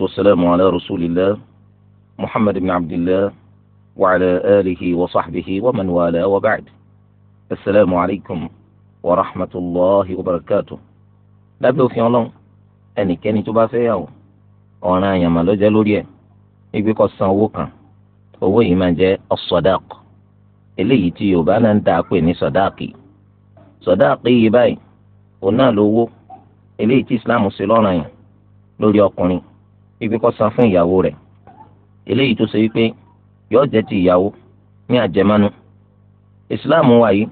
والسلام على رسول الله محمد بن عبد الله وعلى آله وصحبه ومن والاه وبعد السلام عليكم ورحمة الله وبركاته lábẹ́ òfin ọlọ́run ẹnikẹ́ni tó bá fẹ́ yàwó ọ̀ràn àyàmà ló jẹ́ lórí ẹ̀ ibi kó san owó kan owó yìí máa jẹ́ ọ̀sọ̀dáàk eléyìí tí yorùbá náà ń dà á pè ní sọ̀dáàkì sọ̀dáàkì yìí báyìí òun náà lówó eléyìí tí islam ṣe lọ́ranyàn lórí ọkùnrin ibi kó san fún ìyàwó rẹ̀ eléyìí tó ṣe wípé yóò jẹ́ ti ìyàwó ní àjẹmánu ìsìláàmù wa yìí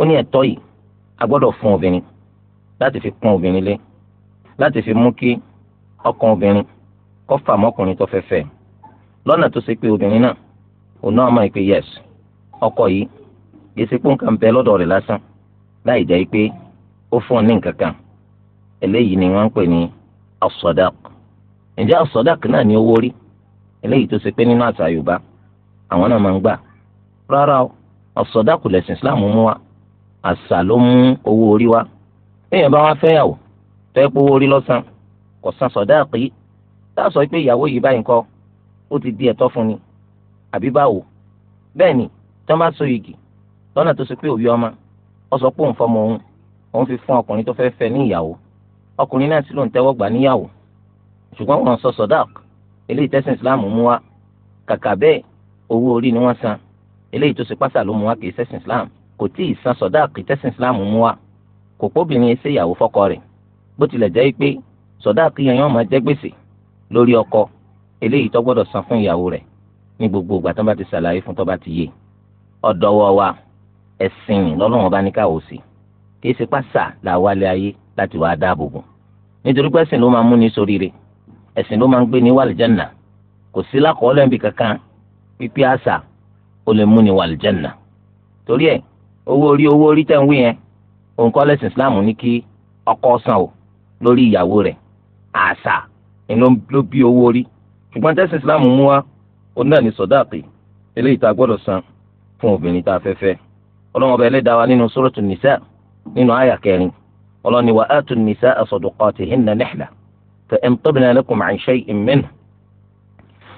ó ní ẹ̀tọ́ yìí a gbọ́dọ̀ fún obìnrin láti fi pọ́n obìnrin lé láti fi mú kí ọkàn obìnrin kó fà mọ́kùnrin tó fẹ́ fẹ́ tó ṣe pé obìnrin náà òun náà mọ̀ pé yes ọkọ yìí gbèsè pé nǹkan bẹ lọ́dọ̀ rẹ̀ lásán láì jẹ́ pé ó fún ọ ní nǹkan kan eléyìí ni wọ́n ń pè ní as ǹjẹ́ àsọdáàkì náà ní owó rí eléyìí tó ṣe pé nínú àṣà yorùbá àwọn náà máa ń gbà rárá o àsọdáàkù lẹ̀sìn islam mú wa àṣà ló mú owó orí wa èèyàn bá wá fẹ́yàwó tẹ́ pé owó lọ́sàn kò san sọdáàkì tá a sọ pé ìyàwó yìí báyìí kọ́ ó ti di ẹ̀tọ́ fún ni àbí báwo bẹ́ẹ̀ ni tọ́ bá so igi lọ́nà tó ṣe pé òbí ọmọ ọ sọ pé òun fọmọ òun òun fi fún ọkùnrin tó fẹ́ fẹ́ ní ìyàwó ọkùnrin náà sì ló ń tẹ́wọ́ gbà níyàwó ṣùgbọ́n wọ́n sọ sọ̀dák eléyìí tẹ́sán islam mú wa kàkà bẹ́ẹ̀ owó orí ni wọ́n san eléyìí tó ṣe pásà ló mú wa kì í tẹ́sán islam kò tí ì san sọ̀dák tẹ́sán islam mú wa kò póbìnrin ṣe ìyàwó fọ́kọ rẹ̀ bó tilẹ̀ jẹ́ pé sọ̀dák yẹn yọ́n máa jẹ́ gbèsè lórí ọkọ eléyìí tó gbọ́dọ̀ san fún ìyàwó rẹ̀ ní gbogbo ìgbà tó bá ti ṣàlàyé fún tó bá ti yé ọ̀dọ́wọ́ ẹ̀sìn lọ́lọ́run nítorí pẹ́sìn ló máa mú ní ṣoríire ẹ̀sìn ló máa ń gbé ní wàlìjánà kò sí lákọọ́lẹ̀ níbi kankan pípé àṣà ó lè mú ní wàlìjánà torí ẹ̀ owó orí owó orí tẹ̀ ń wí yẹn òun kọ́ lẹ́sìn islam ní kí ọkọ san o lórí ìyàwó rẹ̀ àṣà ni ló bí owó orí ṣùgbọ́n tẹ́sìn islam mú wa ó náà ní sọ̀dáàkì eléyìí tá a gbọ́dọ̀ san fún obìnrin tá a fẹ́ fẹ́ ọlọ́wọ́n ẹlẹ́dàá wa nínú sóròtù nìṣẹ́ nínú àyà ọlọ́ni wa á tún nìṣẹ́ àsọ̀dùkọ́ tìhín náà nìḥlà فإن طبنا لكم عن شيء منه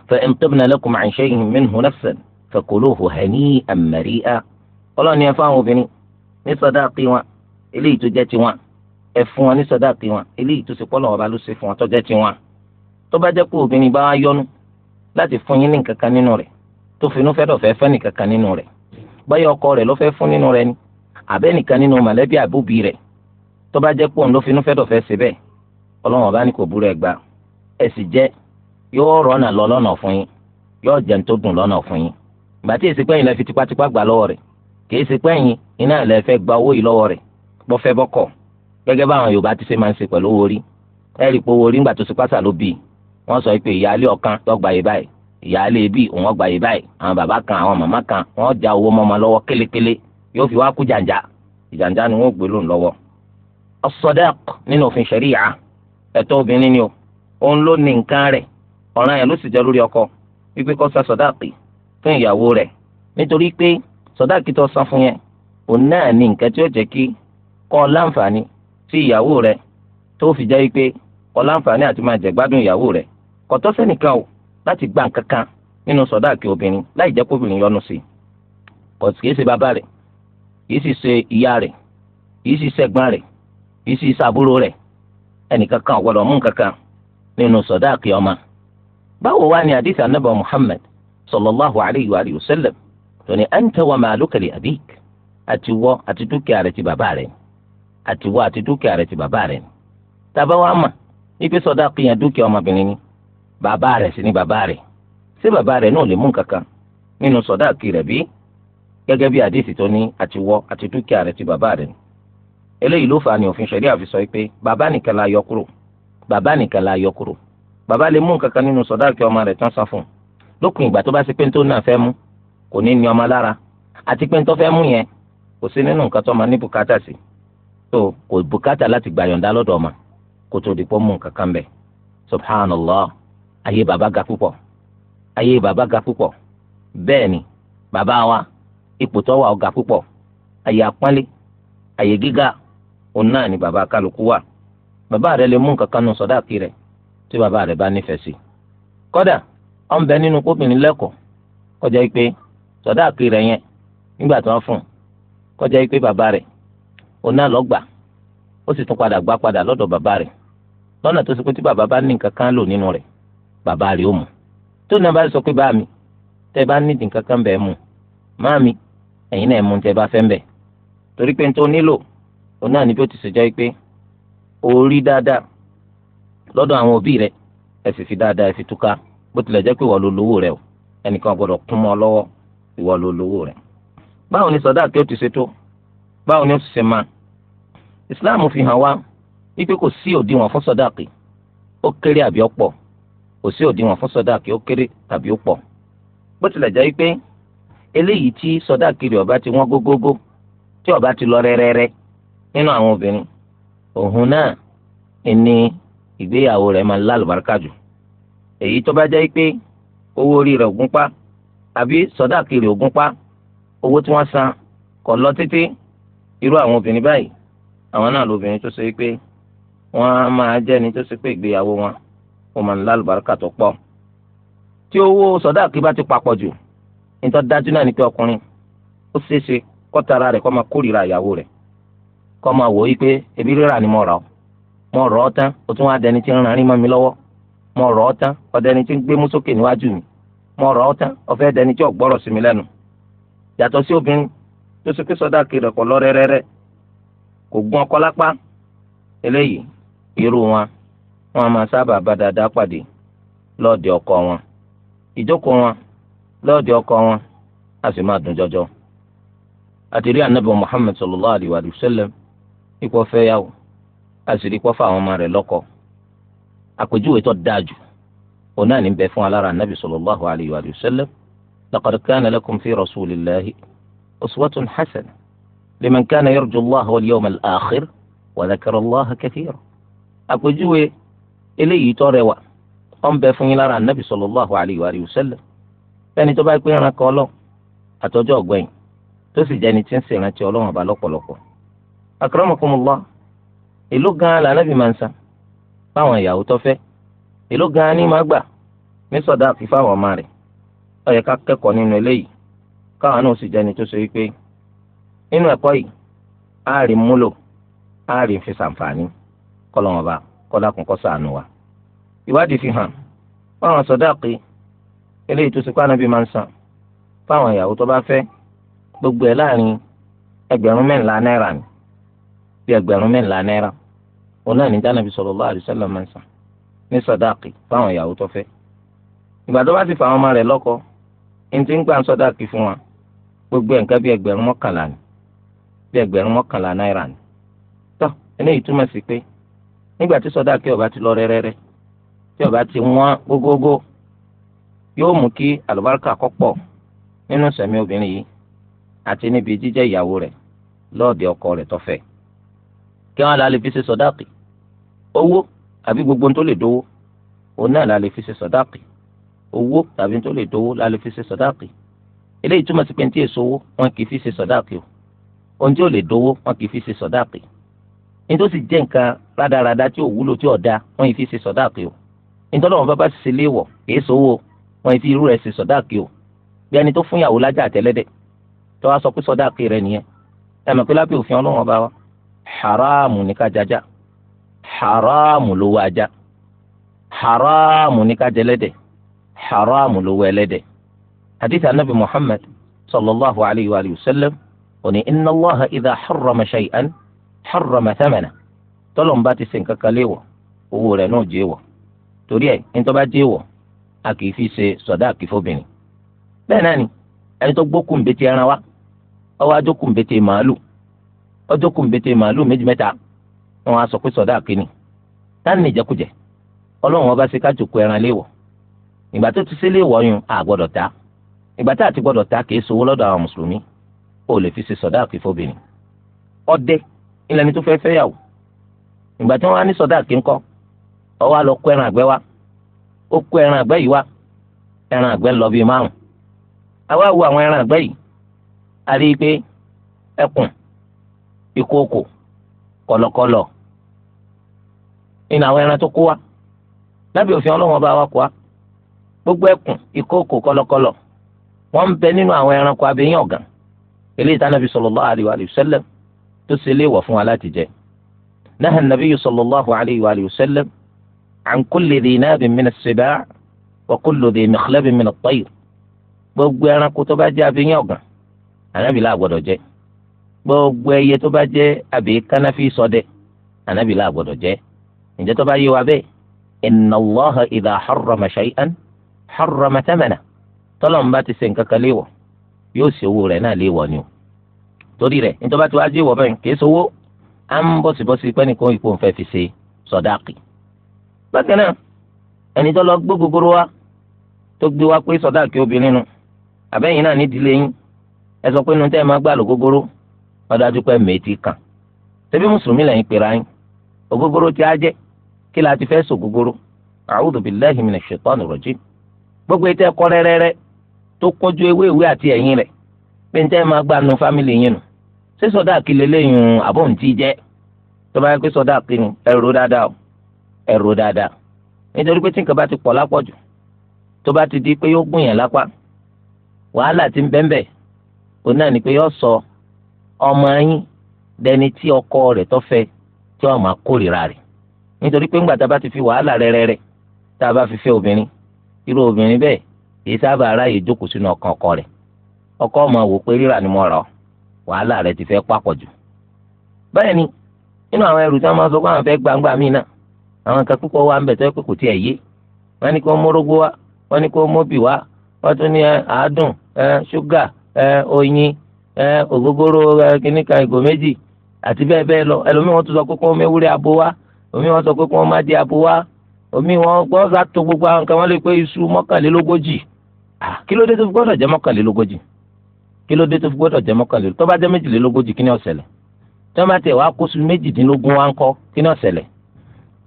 فإن طبنا لكم عن شيء منه نفسا فكلوه هنيئا مريئا ọlọ́run ni ẹ fáwọn obìnrin ní sọdáàkì wọn eléyìí tó jẹ́ tiwọn ẹ fún wọn ní sọdáàkì wọn eléyìí tó ṣe pọ́lọ̀ ọba ló ṣe fún wọn tiwọn tó bá jẹ́ pé obìnrin bá yọnu láti fún yín ní nǹkan nínú rẹ̀ tó finú fẹ́dọ̀ fẹ́ fẹ́ nìkan kan nínú rẹ̀ báyọ̀ ọkọ rẹ̀ ló fẹ́ fún nínú rẹ̀ ni àbẹ́ nìkan nínú mọ̀lẹ́bí àbúbí rẹ̀ tó bá jẹ́ pé òun ló finú fẹ́dọ̀ fẹ́ ṣe bẹ́ẹ̀ ọlọ́run ọba ní kò búrọ̀ ẹ̀gbá ẹ sì jẹ́ yóò rọ́nà lọ lọ́nà fún yín yóò jẹun tó dùn lọ́nà fún yín ìgbà tí èsì pẹ́yìn lẹ fi tipátipá gbà lọ́wọ́ rẹ̀ kì í sì pẹ́yìn iná lẹ fẹ́ gba owó yìí lọ́wọ́ rẹ̀ bọ́fẹ́ bọ́kọ̀ gẹ́gẹ́ báwọn yorùbá ti ṣe máa ń ṣe pẹ̀lú owó rí ẹ rí i pé owó rí ńgbà tó ṣe pásà ló bì í wọ́n sọ pé ìyáálé ọ̀kan tó gbà yé báyìí ìyáálé bí òun ọgbà yé báyìí àwọn bàbá kan àwọn màmá kan wọ́n já owó mọ́mọ́ lọ́wọ́ kélekele yóò fi wá kú jàǹjà ìjàǹjà ni wọ́n gbé lóun lọ́wọ́. as nínú òfin ṣẹ̀ríyà ẹ̀tọ́ obìnrin ni o òun ló ní nǹkan rẹ̀ ọ̀ràn yẹn ló sì jẹ́ lórí ọkọ wípé kó san sọ̀dáàkì fún ìyàwó rẹ̀ nítorí pé sọ̀dáàkì tó san fún yẹn òun náà ní nǹkan tí ó jẹ́ kí kó láǹfààní sí ìyàwó rẹ̀ tó fi jẹ́ wípé kó láǹfààní àti máa jẹ gbádùn ìyàwó rẹ̀ kò tọ́ sẹ́nìkan o láti gba nǹkan kan nínú sọ̀dáàkì obìnrin láì jẹ́ kóbìnrin yọnu sí i kò kìí ṣe bàbá rẹ̀ kìí sì ṣe ìyá rẹ̀ kìí sì ṣẹ̀gbọ́n rẹ̀ kìí sì ṣàbúrò rẹ̀ ẹnìkan kan ò gbọ́dọ̀ mú nǹkan kan nínú sọdáàkì ọmọ báwo wá ni àdìsí anábà muhammed sallallahu alayhi wa sallam tó ní anta wa maaluka li abik àti wọ àti dúkìá rẹ ti bàbá rẹ àti wọ àti dúkìá rẹ ti bàbá rẹ tàbá wa mà ibi sọdáàkì yẹn dúkìá ọmọbìnrin ni bàbá rẹ sì ni bàbá rẹ ṣé bàbá rẹ náà lè mú nǹkan kan nínú sọdáàkì rẹ bí gẹ́gẹ́ bí àdìsí tó ní àti wọ àti dúkìá rẹ ti bàbá rẹ ni eléyìí ló fà á ní òfin ṣẹ̀rí àfi sọ pé bàbá nìkan la yọ kúrò bàbá nìkan la yọ kúrò bàbá lè mú nǹkan kan nínú sọ̀dáàkì ọmọ rẹ̀ tán san fún un lópin ìgbà tó bá ṣe pé tó náà fẹ́ mú kò ní ní ọmọ lára àti pé tó fẹ́ mú yẹn kò sí nínú nǹkan tó máa ní bùkátà sí tó kò bùkátà láti gbà yọ̀ǹda lọ́dọ̀ ọmọ kó tó di pọ́ mú nǹkan bẹ̀ subhanallah ayé bàbá ga púpọ̀ ayé bàbá ga púpọ̀ wa ipò tó wà ó ga púpọ̀ òun náà ni bàbá kálukú wà bàbá rẹ lè mú nǹkan kan nù sọdáàkì rẹ tí bàbá rẹ bá nífẹ̀ẹ́ sí kódà ọ̀n bẹ nínú kóbìnrin lẹ́kọ̀ọ́ kọjá yìí pé yẹn nígbà tí wọ́n fún kọjá yìí pé bàbá rẹ òun náà lọ ó sì tún padà gbà padà lọ́dọ̀ bàbá rẹ lọ́nà tó ṣe pé tí bàbá bá ní nǹkan lò nínú rẹ bàbá rẹ ó mú tó náà bá sọ pé bá mi tẹ bá nídìí bẹ́ẹ̀ mú mi torí pé tó nílò òun náà ní bí ó ti ṣèjọ́ pé orí dáadáa lọ́dọ̀ àwọn òbí rẹ̀ ẹ sì fi dáadáa ẹ fi túká bó tilẹ̀ jẹ́ pé ìwọ ló lówó rẹ̀ o ẹnìkan gbọ́dọ̀ kún mọ́ lọ́wọ́ ìwọ ló lówó rẹ̀. báwo ni sọdá kí ó ti ṣe tó báwo ni ó ti ṣe máa islam fi hàn wá wípé kò sí òdiwọ̀n fún sọdá kì ó kéré àbí ó pọ̀ kò sí òdiwọ̀n fún sọdá kì ó kéré tàbí ó pọ̀ bó tilẹ̀ jẹ́ pé eléyìí tí sọdá kiri ó ti wọ́n gógógó tí ó ti lọ rẹ́rẹ́rẹ́ nínú àwọn obìnrin òun náà ni ìgbéyàwó rẹ̀ máa lálùbáríkà jù èyí tó bá jẹ́ pé owó orí rẹ̀ ògún pa àbí sọ́dáàkì rẹ̀ ògún pa owó tí wọ́n san kò lọ títí irú àwọn obìnrin báyìí àwọn náà lóbìnrin tó ṣe pé wọ́n á máa jẹ́ni tó ṣe pé ìgbéyàwó wọn ó máa lálùbáríkà tó pọ̀ tí owó sọ́dáàkì bá ti papọ̀ jù nítorí dájú náà ni pé ọkùnrin ó ṣeéṣe kọ́tara rẹ̀ kó máa kórìíra ìyàwó rẹ̀ kọ́ máa wò yí pé ebi rírà ni mo rà ọ́ mo rọ̀ ọ́ tán o tún wá dẹni tí ń ran rí mọ́ mi lọ́wọ́ mo rọ̀ ọ́ tán ó dẹni tí ń gbé mú sókè níwájú mi mo rọ̀ ọ́ tán fẹ́ dẹni tí ò gbọ́rọ̀ sí mi lẹ́nu yàtọ̀ sí obìnrin tó pé gún ọkọ lápá eléyìí irú wọn wọn máa sábà bá dáadáa pàdé ọkọ wọn ìjókòó wọn ọkọ wọn a sì máa dùn jọjọ Muhammad sallallahu alayhi wa sallam ipò fẹ́yàwó àṣírí pọ́ fáwọn ọmọ rẹ̀ lọ́kọ àpèjúwe tó dáa jù òun náà ní bẹ fún alára anabi sallallahu alayhi wa sallam laqad kana lakum fi rasulillahi uswatun hasana liman kana yarju allah wal yawm al akhir wa dhakara allah kathira àpèjúwe eléyìí tó rẹwà ó ń bẹ fún yín lára anabi sallallahu alayhi wa sallam bẹ́ẹ̀ni tó bá pé ẹran kan lọ àtọ́jọ́ ọ̀gbẹ́yìn tó sì jẹ́ni tí ń ṣèrántí ọlọ́run akramakumullah èló gan lànàbì máa ń san fáwọn ìyàwó tó fẹ́ èló gan ni máa gbà ní sọdá àfi fáwọn ọmọ rẹ̀ ó yẹ ká kẹ́kọ̀ọ́ nínú eléyìí káwọn náà sì jẹni tó sọ wípé nínú ẹ̀kọ́ yìí á rí múlò á rí fi ṣàǹfààní kọlọmọba kọdákun kó wa ìwádìí fi hàn fáwọn sọdá àpè eléyìí tó sì kó máa ń san fáwọn ìyàwó tó bá gbogbo ẹ̀ láàrin ẹgbẹ̀rún mẹ́rìnlá náírà ni bí ẹgbẹ̀rún mẹ́la náírà òun náà ní jánàbí sallallahu alaihi wasallam máa ń san ní sàdáàkì fáwọn ìyàwó tó fẹ́ ìgbà tó bá ti fà àwọn ọmọ rẹ̀ lọ́kọ ẹni tí ń gbà ń sàdáàkì fún wa gbogbo nǹkan bí ẹgbẹ̀rún mọ́kànlá ni bí ẹgbẹ̀rún mọ́kànlá náírà ni tó eléyìí túmọ̀ sí pé nígbà tí sàdáàkì ó ti lọ rẹ́rẹ́rẹ́ tí ó ti wọ́n gógógó yóò mú kí àlùbáríkà kó pọ̀ nínú sẹ̀mí obìnrin yìí àti níbi jíjẹ́ ìyàwó rẹ̀ lọ́ọ̀dẹ̀ ọkọ rẹ̀ tó kí wọn là lè fi ṣe sọdáàkì owó àbí gbogbo tó lè dówó òun náà là lè fi ṣe sọdáàkì owó tàbí tó lè dówó là lè fi ṣe sọdáàkì eléyìí túmọ̀ sí pé tí èso owó wọn kì í fi ṣe sọdáàkì o ohun tí ò lè dówó wọn kì í fi ṣe sọdáàkì nítòsí jẹ́ nǹkan rádaràda tí ò wúlò tí ò da wọn yìí fi ṣe sọdáàkì o nítorí àwọn bàbá ṣe léèwọ̀ kì sówó wọn yìí fi irú rẹ̀ ṣe sọdáàkì o bí ẹni tó fún ìyàwó lájà àtẹlẹ́dẹ̀ tó wá sọ pé sọdáàkì rẹ̀ nìyẹn ẹ mọ̀ pé lábẹ́ òfin ọlọ́wọ́n bá wa haramu ní ká jaja haramu lówó ajá haramu ní ká jẹlẹ́dẹ̀ haramu lówó ẹlẹ́dẹ̀ hadith anabi muhammad sallallahu alayhi wa sallam òní inna allaha idha harrama shay'an harrama thamana tọ́lọ́mbà ti ṣe nǹkan kan léèwọ̀ owó rẹ̀ náà jẹ́ wọ̀ torí ẹ̀ nítorí bá jẹ́ wọ̀ a kì í fi ṣe sọ̀dá àkìfọ́bìnrin bẹ́ẹ̀ náà ni ẹni tó gbókùn bẹ́tẹ̀ ẹran wa ọwọ́ ajókùn bẹ́tẹ̀ màálù ọjọ́ kùn bété màálù méjì mẹ́ta wọn á sọ pé sọdá kínní táà ní ìjẹkújẹ ọlọ́run ọba ṣe kájòkó ẹran léèwọ̀ ìgbà tó ti sílé ìwọ̀ yun a gbọ́dọ̀ ta ìgbà tá a ti gbọ́dọ̀ ta kì í sowó lọ́dọ̀ àwọn mùsùlùmí ó lè fi ṣe sọdá kí fóbìnrin ọdẹ ilẹ̀ ni tó fẹ́ fẹ́yàwó ìgbà tí wọ́n á ní sọdá kí ń kọ́ ó wá lọ kó ẹran àgbẹ́ wá ó kó ẹran àgbẹ́ yìí wá ẹran ìkookò kọ̀lọ̀kọ̀lọ̀ ìnà àwọn ẹran tó kó wa lábẹ́ òfin ọlọ́wọ́n bá wa kó wa gbogbo ẹkùn ìkookò kọ̀lọ̀kọ̀lọ̀ wọ́n ń bẹ nínú àwọn ẹranko abẹ́yẹn ọ̀gàn eléyìí tá nàbí sallallahu alayhi wa sallam tó ṣe léèwọ̀ fún wa láti jẹ náà nàbí sallallahu alayhi wa sallam an kulli dhi nabin min as-sibaa wa kulli dhi mikhlabin min at-tayr gbogbo ẹranko tó bá jẹ abẹ́yẹn ọ̀gàn ànábìlá gbogbo ẹyẹ tó bá jẹ́ àbí kánáfì ṣọdẹ ànábì la gbọ́dọ̀ jẹ ǹjẹ́ tó bá yé wa bẹ́ẹ̀ inna Allaha idha harrama shay'an harrama thamana tọ́lọ́run bá ti ṣe nǹkan kan léèwọ̀ yóò ṣe owó rẹ̀ náà léèwọ̀ ni o torí rẹ̀ nítorí bá ti wá jẹ́wọ̀ bẹ́ẹ̀ kì í sowó à ń bọ̀sibọ́sí pẹ́nìkan ipò ń fẹ́ fi ṣe sọ̀dáàkì. bákan náà ẹni tó lọ gbé gogoro wa tó gbé wa pé sọ̀dáàkì obìnrin nu àbẹ́yìn náà nídìílé yín ẹ sọ pé nu tẹ́ ẹ máa gbà lọ gogoro ọdájú pé mẹ́tì kàn ṣebí mùsùlùmí lẹ́yìn pèrè ayín ògógóró tí a jẹ́ kí la ti fẹ́ sọ ògógóró a'udhu billahi minash shaitanir rọjí gbogbo ètò ẹ̀kọ́ tó kọjú ewé ìwé àti rẹ̀ pé ń máa gbà nu fámìlì yín nu ṣé sọdá jẹ́ tó bá yẹ pé sọdá dáadáa dáadáa nítorí pé tí nǹkan bá ti pọ̀ tó bá ti sọ ọmọ yín dẹni tí ọkọ rẹ tó fẹ́ tí ó máa kórìíra rẹ̀ nítorí pé ńgbà tá a bá ti fi wàhálà rẹrẹrẹ tá a bá fi fẹ́ obìnrin irú obìnrin bẹ́ẹ̀ èyí sábà aráyè jókòó sínú ọkọ rẹ ọkọ ọmọ wò pé rírà ni mo rà ọ wàhálà ti fẹ pàpọ̀ jù ni nínú àwọn ẹrù tí máa sọ pé àwọn gbangba náà àwọn kan wà ń ẹ ògógóró kínní kan ìgò méjì àti bẹ́ẹ̀ bẹ́ẹ̀ lọ ẹlòmíì wọ́n tún sọ pé kí wọ́n mewúrẹ́ abo wá omi wọ́n sọ pé kí wọ́n má di abo wá omi wọ́n gbọ́ sá to gbogbo àwọn nǹkan wọ́n lè pé iṣu mọ́kànlélógójì kí ló dé tó fi gbọ́dọ̀ jẹ́ mọ́kànlélógójì kí ló dé tó fi gbọ́dọ̀ jẹ́ mọ́kànlélógójì tó bá jẹ́ méjìlélógójì kí ni ó tí wọ́n bá tẹ̀ wá kó méjìdínlógún wá ń kọ́ kí ni ó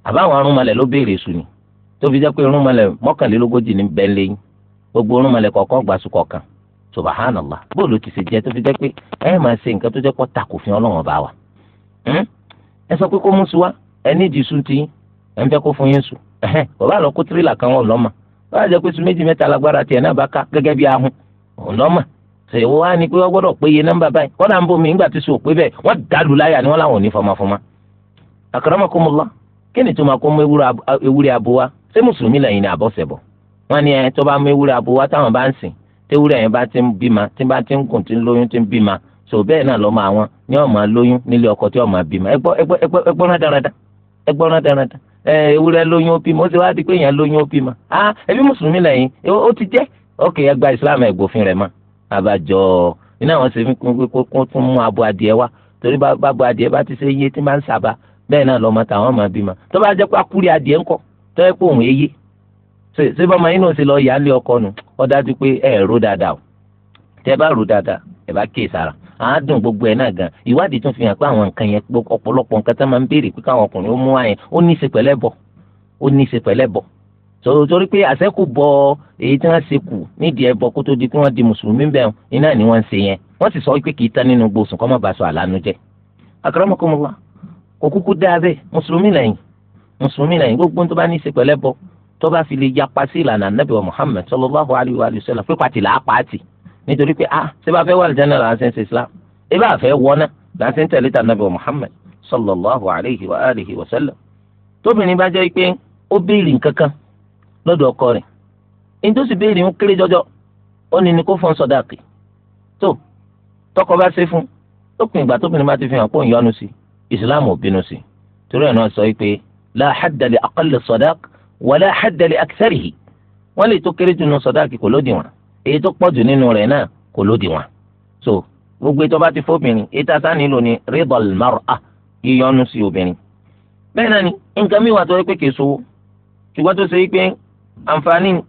àbáwọn arúnmalẹ̀ ló béèrè su ni tó fi jẹ́ pé irúnmalẹ̀ mọ́kànlélógójì ní bẹ́ẹ̀ lẹ́yìn gbogbo irúnmalẹ̀ kọ̀ọ̀kan gbàsù subhanallah bóòlù ti ṣe jẹ́ tó fi jẹ́ pé ẹ máa ṣe nǹkan tó jẹ́ pọ̀ takò fi ọlọ́run bá wa hmm? ẹ sọ pé kó mú sí wa ẹ ní ìdí sùn tiyín ẹ ń fẹ́ kó fún yín sùn bàbá àlọ́ kó tírélà kan wọn lọ́mọ bàbá jẹ́ pé sùn méjì mẹ́ta lágbára tiẹ̀ náà bá ká gẹ́gẹ́ bí ahun òun lọ́mọ ṣe wọ́n á ní pé wọ́n gbọ́dọ̀ péye nọ́mbà báyìí kọ́nà ń bomi nígbà tí sùn ò pé bẹ́ẹ̀ wọ́n dàlù láyà ni wọ́n láwọn ò ní fọmọfọmọ. akramakumullah kí ni tó máa kó mú ewúrẹ́ abo wa ṣé mùsùlùmí lẹ́yìn ni àbọ̀sẹ̀ bọ̀ tewúrẹ́ yẹn bá ti ń bímọ tí bá ti ń kùn tí ń lóyún tí ń bímọ so bẹ́ẹ̀ náà lọ́mọ àwọn ní ọmọ lóyún nílé ọkọ tí ọmọ bímọ ẹgbọ́n rádaràda ẹgbọ́n rádaràda ẹ ewúrẹ́ lóyún ó bímọ ó ti wá di pé èèyàn lóyún ó bímọ ah ẹbí mùsùlùmí lẹ́yìn ó ti jẹ́ ok ẹgbà islam ẹgbòfin rẹ̀ mọ́ abàjọ iná àwọn ṣe fi kún tún mú abo adìẹ wá torí bábo adìẹ bá ti ṣe iye tí máa ń sábà bẹ́ẹ̀ náà ṣé bọ́mọ ma náà ṣe lọ yálé ọkọ nù ó dájú pé ẹ rò dáadáa o tẹ bá rò dáadáa ẹ bá kíyè sára àádùn gbogbo ẹ náà gan ìwádìí tún fi hàn pé àwọn nǹkan yẹn ọ̀pọ̀lọpọ̀ nǹkan tó máa ń béèrè pé káwọn ọkùnrin ó mú wá yẹn ó ní í ṣe pẹ̀lẹ́ bọ̀ ó ní í ṣe pẹ̀lẹ́ bọ̀ torí pé àṣẹ́kù bọ èyí tí wọ́n ṣe kù nídìí ẹbọ kó tó di pé wọ́n di mùsùlùmí bẹ́ẹ̀ iná ni wọ́n ń ṣe yẹn wọ́n sì sọ pé kì í tán nínú gbòòsùn kọ́ má bàa sọ àlànà jẹ́ akramakumullah kò kúkú dáa bẹ́ẹ̀ mùsùlùmí lẹ́yìn mùsùlùmí lẹ́yìn gbogbo tó bá ní í ṣe pẹ̀lẹ́ bọ tó bá fi lè yapa sí ìlànà nàbì wa muhammed sallallahu alayhi wa sallam pé pàtì là á pàtì nítorí pé a ah, ṣé bá fẹ́ wà lìjánà là á ṣe ń ṣe islam ẹ bá fẹ́ wọná là á ṣe ń tẹ̀lé ta nàbì wa muhammed sallallahu alayhi wa alihi wa sallam tóbìnrin bá jẹ́ pé ó béèrè nǹkan kan lọ́dọ̀ ọkọ rẹ̀ ní tó sì béèrè ń kéré jọjọ ó ní ní kó fọ́n sọ̀dáàkì tó tọkọ bá ṣe fún lópin ìgbà tóbìnrin bá ti fi hàn pé òun yọnu sí islam ò bínú sí torí ẹ̀ náà sọ pé la hadda li wala hadda li aktharihi wọ́n lè tó kéré jù nínú sọ̀dáàkì kò lódì èyí tó pọ̀ jù nínú rẹ̀ náà kò lódì so gbogbo ètò bá ti fóbìnrin ètò àtà nílò ni ridal mar'a yíyọnu sí obìnrin. bẹ́ẹ̀ náà ni nǹkan mi wà tó yẹ pé kèso wo ṣùgbọ́n tó ṣe pé àǹfààní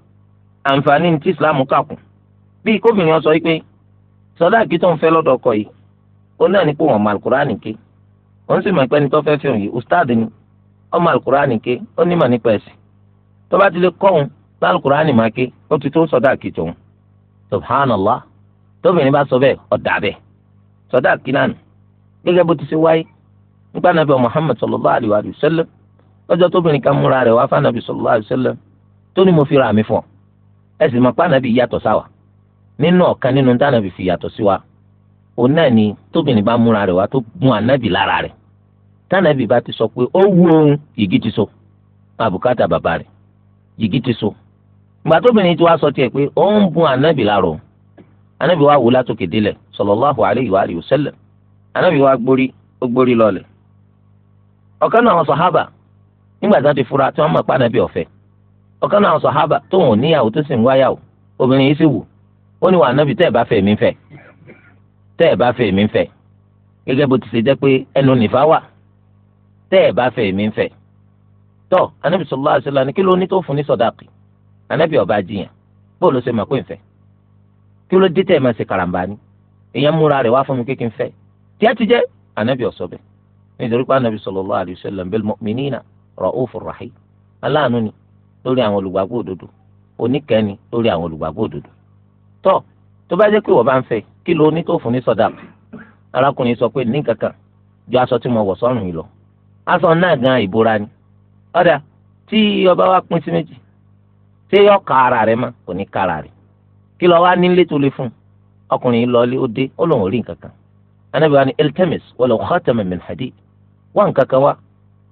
àǹfààní ti islam kàkùn bíi kóbìnrin sọ pé sọ̀dáàkì tó ń fẹ́ lọ́dọ̀ ọkọ yìí ó náà ní pé wọ́n mọ tọ́ba ti lè kọ́ òun lálùkùránì máa ké ó ti tó sọ̀dá kì tòun subhanallah tóbìnrin bá sọ bẹ́ẹ̀ ọ̀dà bẹ́ẹ̀ sọ̀dá kì náà gẹ́gẹ́ bó ti ṣe wáyé nípa nàbẹ̀ Muhammad sallallahu alayhi wa sallam lọ́jọ́ tóbìnrin kan múra rẹ̀ wá fànàbì sallallahu alayhi wa sallam tó ní mo fi ra mi fún ọ ẹ sì mọ̀ pànàbì yàtọ̀ sáwà nínú ọ̀kan nínú tànàbì fi yàtọ̀ sí wa òun náà ni tóbìnrin bá múra rẹ̀ wá tó gun ànàbì lára rẹ̀ tànàbì bá ti sọ pé ó wú ohun ìgì ti so àbùkátà bàbá rẹ̀ jìgì ti so ìgbà tóbìnrin tí wàá sọ tiẹ̀ pé ó ń bun ànábì láàrọ̀ ànábì wa wò látòkè délẹ̀ sallallahu alayhi wa alihi wa sallam ànábì wa gborí ó gborí lọlẹ̀ ọ̀kan náà àwọn sàhábà nígbà tí wọ́n ti fura tí wọ́n mọ̀ pa ànábì ọ̀fẹ́ ọ̀kan náà àwọn sàhábà tóun ò níyàwó tó sì ń wáyàwó obìnrin yìí sì wù ó ní wà ànábì tẹ́ ẹ̀ bá fẹ́ mi fẹ́ tẹ́ ẹ̀ bá fẹ́ mi fẹ́ gẹ́gẹ́ bó ti ṣe jẹ́ pé ẹnu nìfà wà tẹ́ ẹ̀ bá fẹ́ mi fẹ́ tọ́ anabi sallallahu alaihi wasallam ní kí ló ní tó fún ní sọ̀dáàkì anabi ọba jiyàn bóò ló ṣe mọ̀ pé ń fẹ́ kí ló dé tẹ́ ẹ̀ máa ṣe karambà ni èèyàn múra rẹ̀ wá fún mi kékin fẹ́ tí ẹ ti jẹ́ anabi ọ̀sọ́ bẹ̀ nítorí pé anabi sallallahu alaihi wasallam bil mu'minina ra'ufur rahim aláàánú ni lórí àwọn olùgbàgbọ́ òdodo oníkẹ́ni lórí àwọn olùgbàgbọ́ òdodo tọ́ tó bá jẹ́ pé wọ́n bá ń fẹ́ kí ló ní tó fún ní sọ̀dáàkì arákùnrin sọ ọ̀dà tí ọba wa pín sí méjì ṣé yọ ka ara rẹ mọ́ kò ní ka ara rẹ kí lọ wá nílé tó le fún ọkùnrin yìí lọlé ó dé ó lòun ò rí nǹkan kan anabi wa ni eltemis wala khatama min hadid wá nǹkan kan wá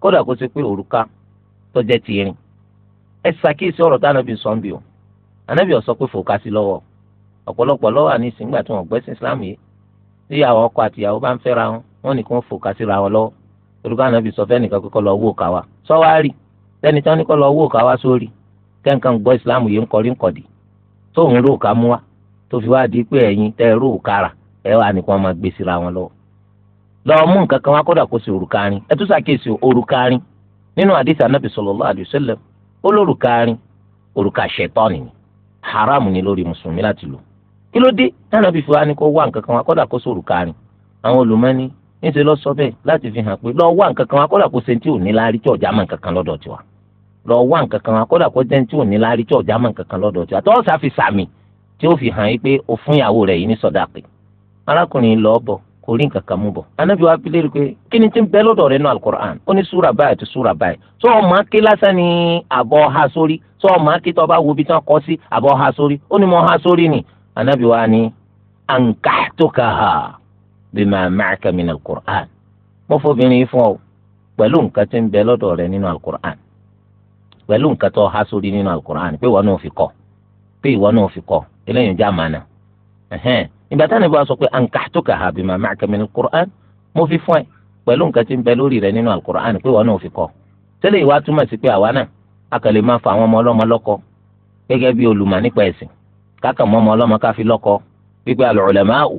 kódà kó ṣe pé òrùka tó jẹ́ ti irin ẹ ṣàkíyèsí ọ̀rọ̀ tá anabi sọ ń bì o anabi ó pé fòkà sí lọ́wọ́ ọ̀pọ̀lọpọ̀ lọ́wọ́ àní ìsìngbà tí wọ́n gbẹ́sìn islam yìí tí àwọn ọkọ àtìyàwó bá ń fẹ́ra wọn wọn ní kí wọ́n wọn lọ́wọ́ torúkọ ànábì sọ fẹ́ nìkan kọ́kọ́ lọ wó ká wa sọ́wárì tẹ́ni tí wọ́n ní kọ́ lọ wó ká wa sórí tẹ́ǹkan gbọ́ ìsìláàmù yìí ń kọrí ń kọ̀dí tóun rò ká mú wa tó fi wá di pé ẹ̀yin tẹ́ rò kára ẹ wà ní kí wọ́n máa gbé síra wọn lọ. lọ́ọ́ mú nǹkan kan wá kódà kó sí òrùkarin ẹ tún ṣàkíyèsí òrùkarin nínú àdìsí ànábì sallallahu alaihi haramu ni lórí mùsùlùmí láti lò kí ló dé tánàbì fi wá ní kó wá nǹkan níṣẹ́ lọ sọ bẹ́ẹ̀ láti fi hàn pé lọ wá nǹkan kan akọ́dà kó sentí ò ní láárí tí ọ̀já mọ̀ nǹkan kan lọ́dọ̀ tiwa lọ wá nǹkan kan akọ́dà kó sentí ò ní láárí tí ọ̀já mọ̀ nǹkan kan lọ́dọ̀ tiwa tọ́ sá fi sàmì tí ó fi hàn yí pé o fún ìyàwó rẹ̀ yìí ní sọ̀dáàpì arákùnrin lọ bọ̀ kò rí nǹkan kan mú bọ̀ anábì wa fi lérí pé kí ni ti ń bẹ lọ́dọ̀ rẹ̀ nù alukur'an ó ní súra báyìí àti súra báyìí sọ ọ máa ké lásán ni àbọ̀ ha sórí sọ ọ máa ké tó bá wo ibi tí wọ́n kọ́ sí àbọ̀ ha sórí ó ní mo ha sórí ni anábì wa ni ankahtukaha bima ma'aka min al-Qur'an mo fobìnrin fún ọ pẹ̀lú nǹkan tí ń bẹ lọ́dọ̀ rẹ nínú al-Qur'an pẹ̀lú nǹkan tó há sórí nínú al-Qur'an pé ìwọ náà fi kọ́ pé ìwọ náà fi kọ́ eléyìí jẹ́ àmàna ìgbà táwọn ìbá sọ pé ankahtukaha bima ma'aka min al-Qur'an mo fi fún ẹ pẹ̀lú nǹkan tí ń bẹ lórí rẹ nínú al-Qur'an pé ìwọ náà pé àwa náà akàlẹ̀ máa fa àwọn ọmọ ọlọ́mọ lọ́kọ bí olùmọ̀ nípa ẹ̀sìn káàkà mọ́ ọmọ ọlọ́mọ káfi lọ́kọ wípé al-ulama'u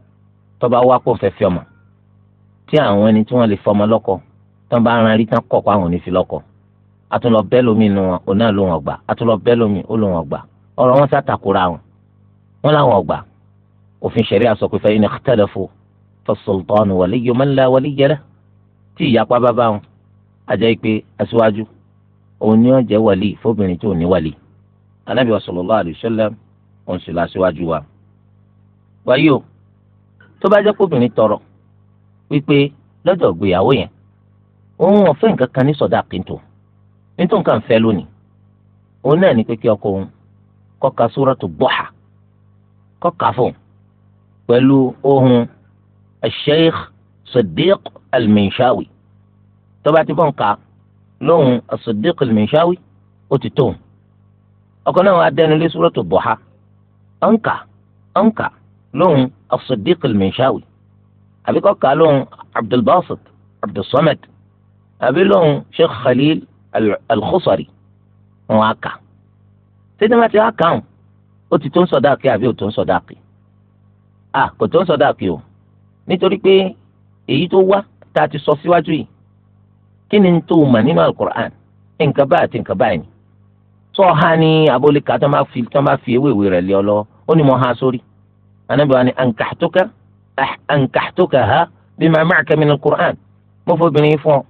tọ́ba wá pọ̀ fẹ́ fi ọmọ tí àwọn ẹni tí wọ́n lè fọmọ lọ́kọ tán bá ran rí tán kọ̀ pa àwọn ò ní fi lọ́kọ àtúnlọ bẹ́ẹ̀ lómi nu wọn òun náà ló wọn gbà àtúnlọ bẹ́ẹ̀ lómi ó ló wọn gbà ọ̀rọ̀ wọn sàtàkùrà wọn wọn làwọn ọgbà òfin ṣẹ̀ríà sọ pé fa in ikhtalafu fasultanu waliyyu man la waliyya tí ìyapa bá bá wọn àjẹ́ pé aṣíwájú òun ni wọ́n wàlí fóbìnrin tí ní wàlí anábìwá sallallahu alaihi aṣíwájú wa. wáyé o tó bá jẹ́ kóbìnrin tọrọ wípé lọ́jọ́ ìgbéyàwó yẹn òun ò fẹ́ nǹkan kan ní sọ̀dá àpéǹtò nítorí nǹkan fẹ́ lónìí òun náà ní pé kí ọkọ òun kọ́ka súrọ́tù bọ́hà kọ́ka fún pẹ̀lú ohun sheikh sadiq al-minshawi tó bá ti bọ́ nǹka lóhun sadiq al ó ti tóun ọkọ náà wá dẹnu lé súrọ́tù bọ́hà ọ̀nkà ọ̀nkà lóhùn as-Siddiq al-Minshawi àbíkọ́ kà lóhùn Abdulbasit Abdulsamad àbí lóhùn Sheikh Khalil al-Khusari wọn á kà títí wọn ti wá kàn án ó ti tó ń sọdáàkì àbí ó tó ń sọdáàkì à kò tó ń sọdáàkì o nítorí pé èyí tó wá tá a ti sọ síwájú yìí kí ni tó mọ̀ nínú alukur'an nǹkan báyìí àti nǹkan báyìí ni sọ ha ni abólíkà tó máa fi ewé ìwé rẹ̀ lé ọ lọ ó ní mo ha sórí anábì wa ni ankahtuka ah, ankahtuka ha bima ma'aka min alukur'an mo fobìnrin fún ọ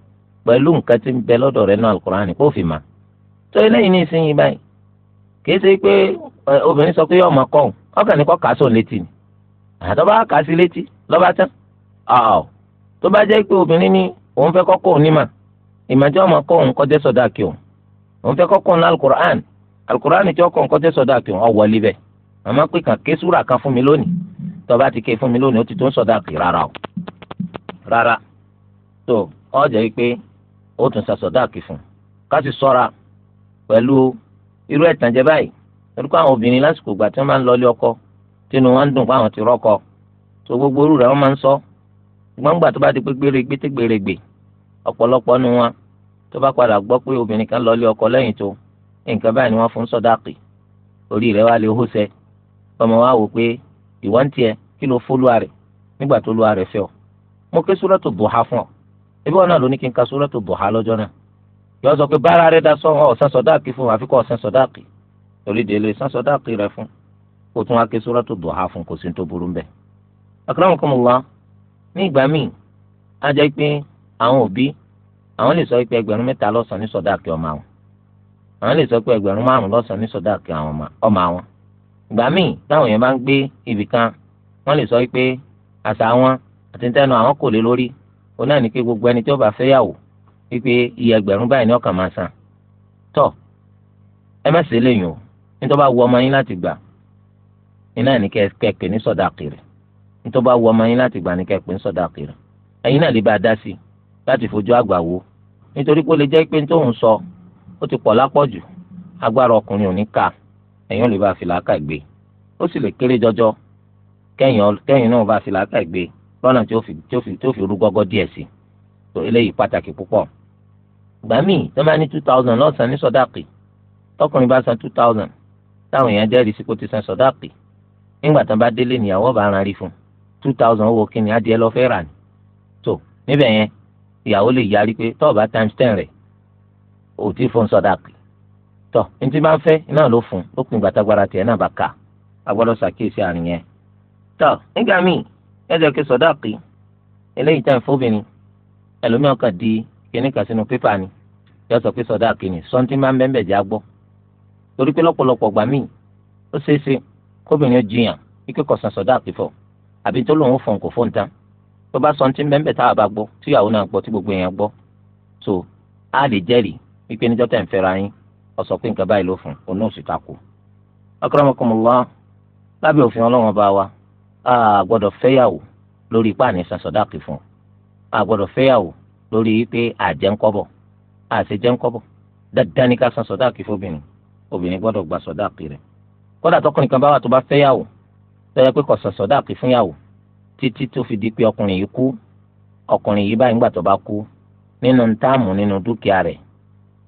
pẹ̀lú nǹkan tí ń bẹ lọ́dọ̀ rẹ̀ náà alukur'an kó fi ma tó eléyìí ní ìsinyìí báyìí kì í ṣe pé eh, obìnrin sọ pé yóò máa kọ́ òun ọkàn ní kọ́ kà á sóun létí ni àtọ́ba kà á sí létí lọ́ba tán ọ̀ tó bá jẹ́ pé obìnrin ni òun fẹ́ kọ́kọ́ òun nímà ìmọ̀jọ́ ọmọ kọ́ òun kọjá sọ̀dá kí òun fẹ́ kọ́kọ́ òun alukur'an alukur'an tí ọkọ̀ òun kọjá sọ̀dá kí òun ọ̀ àmọ́ pé kàn ké súrà kan fún mi lónìí tó bá ti ké fún mi lónìí ó ti tó ń sọdá kì rárá o rárá tó ọ jẹ́ pé ó tún sa sọdá kì fún ká sì sọ́ra pẹ̀lú irú ẹ̀tànjẹ báyìí lórúkọ àwọn obìnrin lásìkò ìgbà tí wọ́n máa ń lọlé ọkọ tínú wọn ń dùn pé àwọn ti rọ́kọ tó gbogbo orú rẹ̀ wọ́n máa ń sọ ṣùgbọ́n gbà tó bá di pé gbèrègbè tí gbèrègbè ọ̀pọ̀lọpọ̀ nu wọn tó bá padà gbọ́ pé obìnrin kan lọlé ọkọ lẹ́yìn tó nǹkan báyìí ni wọ́n fún sọ́dáàkì orí rẹ̀ wá lè hóṣẹ́ ọmọ wa wò pé ìwọ ń tiẹ̀ kí ló fólúwa rẹ̀ nígbà tó lúwa rẹ̀ fẹ́ ọ mo ké súrọ́tò dùhà fún ọ ebi wọn náà ló ní kí n ka súrọ́tò dùhà lọ́jọ́ náà yọ sọ pé bára rẹ da sọ́hún ọ̀sán sọ́dáàkì fún àfi kọ́ ọ̀sán sọ́dáàkì torí délé sán sọ́dáàkì rẹ fún kó tún wá ké súrọ́tò dùhà fún kò sí tó burú ń bẹ̀. akramakumullah ní ìgbà míì á jẹ́ pé àwọn òbí àwọn lè sọ pé ẹgbẹ̀rún mẹ́ta lọ́sàn ní ní sọ́dáàkì ọmọ àwọn ìgbà míì táwọn èèyàn bá ń gbé ibì kan wọ́n lè sọ pé àṣà wọn àti tẹnu àwọn kò lé lórí ó náà ní pé gbogbo ẹni tí ó bá fẹ́ yàwó wípé iye ẹgbẹ̀rún báyìí ni ọkàn máa san tọ́ ẹ má ṣe lẹ́yìn o nítorí bá wu ọmọ yín láti gbà iná ní kẹ́ẹ̀pẹ́ ní sọ̀dà kiri nítorí bá wu ọmọ yín láti gbà ní kẹ́ẹ̀pẹ́ ní sọ̀dà kiri ẹ̀yin náà lè bá a dá sí láti fojú àgbà wo nítorí pé ó lè jẹ́ pé tóun sọ ó ti pọ̀ lápọ̀jù agbára ọkùnrin ò ní ká a ẹ̀yin ò lè bá fi làákà gbé ó sì lè kéré jọjọ kẹ́yìn náà bá fi làákà gbé lọ́nà tí ó fi tí ó fi tí ó fi rú gọ́gọ́ díẹ̀ sí tó eléyìí pàtàkì púpọ̀. ìgbà míì tó máa ní two thousand lọ́sàn ní sọ́dáàkì tọkùnrin bá san two thousand táwọn èèyàn jẹ́rìí sí kó ti san sọ́dáàkì nígbà tán bá délé níyàwó bá ara rí fún two thousand owó kíni adìẹ lọ fẹ́ rà ní. tó níbẹ̀ yẹn ìyàwó lè yarí pé tọ́ọ̀bá times ten rẹ̀ ò tí fún sọ́dáàkì tọ ntí máa ń fẹ́ náà ló fún ó pin gbàtàgbára tiẹ̀ náà bá kà á gbọ́dọ̀ ṣàkíyèsí àrùn yẹn. tọ nígbà míì ẹ̀jẹ̀ kí sọ̀dáàkì eléyìí tá ìfọ́bìnrin ẹlòmíràn kan di kíní kan sínú pépà ni yọ sọ pé sọ̀dáàkì ni sọ́ńtì máa ń bẹ́ẹ̀ bẹ̀ já gbọ́ torí pé lọ́pọ̀lọpọ̀ gbà míì ó ṣeé ṣe kóbìnrin jiyàn kíkẹ́ kọ̀ san sọ̀dáàkì fọ̀ àbí tó lòun fọ̀n kò fọ̀n tán tó bá sọ́ńtì bẹ́ẹ̀ táwa bá gbọ́ tíyàwó náà gbọ́ tí gbogbo èèyàn gbọ́ so a lè jẹ́rìí wípé níjọ́ tẹ̀ ń fẹ́ra yín ọsọ pé nǹkan báyìí ló fún un òun sì takò. akramakumullah lábẹ́ òfin ọlọ́wọ́n bá wa a gbọ́dọ̀ fẹ́yàwó lórí ipá ní sàṣọdáàkì fún un a gbọ́dọ̀ fẹ́yàwó lórí pé àjẹńkọ́bọ̀ àṣejẹ́ńkọ́bọ̀ dáadáa ní ká san sọdáàkì fóbìnrin obìnrin gbọ́dọ̀ gba sọdáàkì rẹ̀ kódà tọkùnrin kan bá wà tó bá fẹ́yàwó tó yẹ pé kò san sọdáàkì fúnyàwó títí tó fi di pé ọkùnrin yìí kú ọkùnrin yìí báyìí ńgbà tó bá kú nínú táàmù nínú dúkìá rẹ̀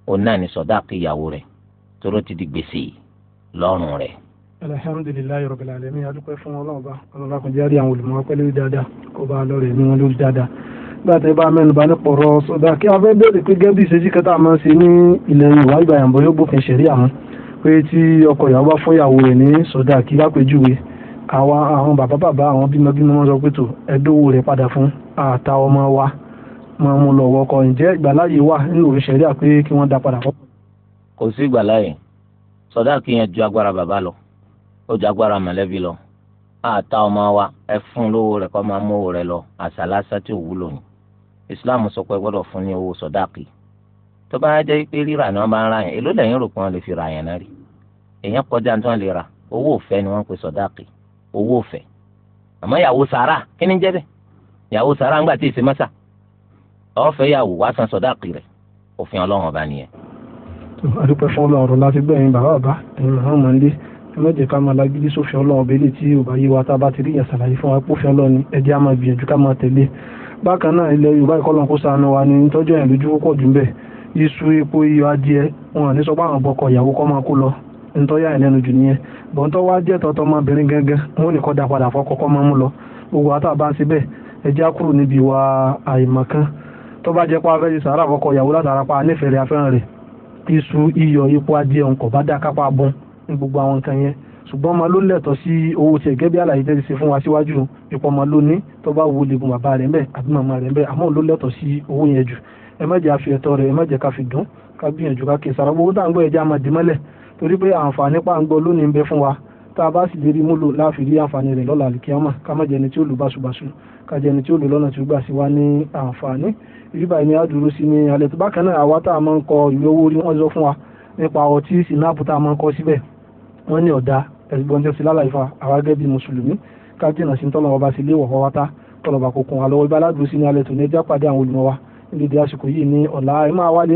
òun náà ní sọdáàkì ìyàwó rẹ̀ tóró ti di gbèsè lọ́rùn rẹ̀. alhamdulilayi rabbil alamin adúpẹ́ fún ọlọ́ọ̀ba ọlọ́ọ̀ba kò jáde àwọn olùmọ̀ pẹ̀lú dáadáa kó bá a lọ́ọ̀rẹ̀ ní wọn lórí dáadáa gbàtẹ́ bá mẹ́nu bá ní pọ̀rọ̀ sọdáàkì afẹ́ bẹ̀rẹ̀ pé gẹ́gẹ́ bí ìṣèjì kẹta máa ń ṣe ní ilẹ̀ yorùbá ìgbà yàǹbọ̀ yóò bófin ṣẹ̀rí àwọn pé tí ọkọ ìyàwó bá fún ìyàwó rẹ̀ ní sọdáàkì lápèjúwe àwọn bàbá bàbá àwọn bímọ bímọ wọn sọ pé tó ẹdówó rẹ̀ padà fún àtà ọmọ wa máa mú lọ wọkọ̀ ǹjẹ́ ìgbàláyè wà nínú ìṣẹ̀rí àpé kí wọ́n dá padà fọ́. kò sí ìgbàláyè sọdá kì í yẹn ju agbára bàbá lọ ó ju agbára mọ̀lẹ́bí lọ àtà ọmọ wa ẹ fún lówó rẹ̀ kó máa mú owó rẹ̀ lọ àṣà lásán tí ò wúlò ní ìsìláàmù sọ pé gbọ́dọ̀ fún ní owó sọdá kì í tó bá jẹ́ pé rírà ni wọ́n bá ń ra yẹn èló lẹ́yìn rò pé wọ́n lè fi ra yẹn náà rí èèyàn kọjá tí wọ́n lè ra owó òfẹ́ ni wọ́n pe sọdá kì í owó òfẹ́ àmọ́ ìyàwó sàrà kí ni jẹ́ bẹ́ẹ̀ ìyàwó sàrà ńgbà tí ì ọ̀fẹ́ yàwó wá san sọ̀dáàkì rẹ̀ òfin ọlọ́run ọba nìyẹn. àdúpẹ́ fún ọlọ́run ọ̀rọ̀ láti gbẹ̀yìn bàbá bàbá ẹ̀yin màmá mọ́ndé ẹ má jẹ́ ká máa lágídí sófin ọlọ́run ọbẹ̀ lè tí ò bá yé wa tá a bá ti rí ìyẹn ṣàlàyé fún wa pófin ọlọ́run ẹ jẹ́ á máa gbìyànjú ká máa tẹ̀lé bákan náà ilẹ̀ yorùbá ìkọlọ́n kó ṣàánú wa ní tọ́jú ẹ̀ lójú púpọ̀ jù bẹ́ẹ̀ iṣu epo iyọ̀ adìẹ wọn ní sọ pé àwọn bọkọ ìyàwó kọ́ máa kó lọ ntọ́yà ẹ̀ lẹ́nu jù nìyẹn bọ́ńtọ́ wá jẹ́ tọ́tọ́ ọmọbìnrin gángan wọn ò ní kọ́ da padà fọ́kọ́ kọ́ máa mú lọ gbogbo àtàbá ń bẹ́ẹ̀ ẹ já kúrò níbi wa àìmọ̀kan tó bá jẹ́ pa fẹ́ ṣe sàárà fọ́kọ ìyàwó látara pa nífẹ̀ẹ́ rẹ̀ afẹ́ràn rẹ̀ iṣu iyọ̀ ipò adìẹ nǹkan bá dá kápá bọ́n ní gbogbo àwọn nǹkan yẹn ṣùgbọ́n ọmọ ló lẹ́tọ̀ sí owó tiẹ̀ gẹ́gẹ́ bí àlàyé tẹ́lẹ̀ ṣe fún wa síwájú ipò ọmọ ló ní tó bá wo lè gun bàbá rẹ̀ ńbẹ̀ àbí màmá rẹ̀ ńbẹ̀ àmọ́ ló lẹ́tọ̀ sí owó yẹn jù ẹ má jẹ́ àfi ẹ̀tọ́ rẹ̀ ẹ má jẹ́ ká fi dùn ká gbìyànjú ká kí sàrà gbogbo tá à ń gbọ́ ẹ̀jẹ̀ àmàdìmọ́lẹ̀ torí pé àǹfààní pàǹgbọ́ lónìí ń bẹ fún wa tá a bá sì lérí múlò láàfin rí àǹfààní rẹ̀ lọ́la àlìkíyàmà ká má jẹni tí ó lù báṣubàṣu ká jẹni tí ó lù lọ́nà tí ó gbà sí wa ní àǹfààní ìrìbà ìní àdúró sí ní alẹ́ tó bákan náà àwa tá a máa ń kọ ìwé owó rí wọ́n sọ fún wa nípa ọtí sinapu tá a máa ń kọ síbẹ̀ wọ́n ní ọ̀dà ẹ̀sìgbọ́n jẹ́ sí lálàyéfà àwa gẹ́gẹ́ bí mùsùlùmí ká jìnà sí tọ́lọ́wọ́ bá sí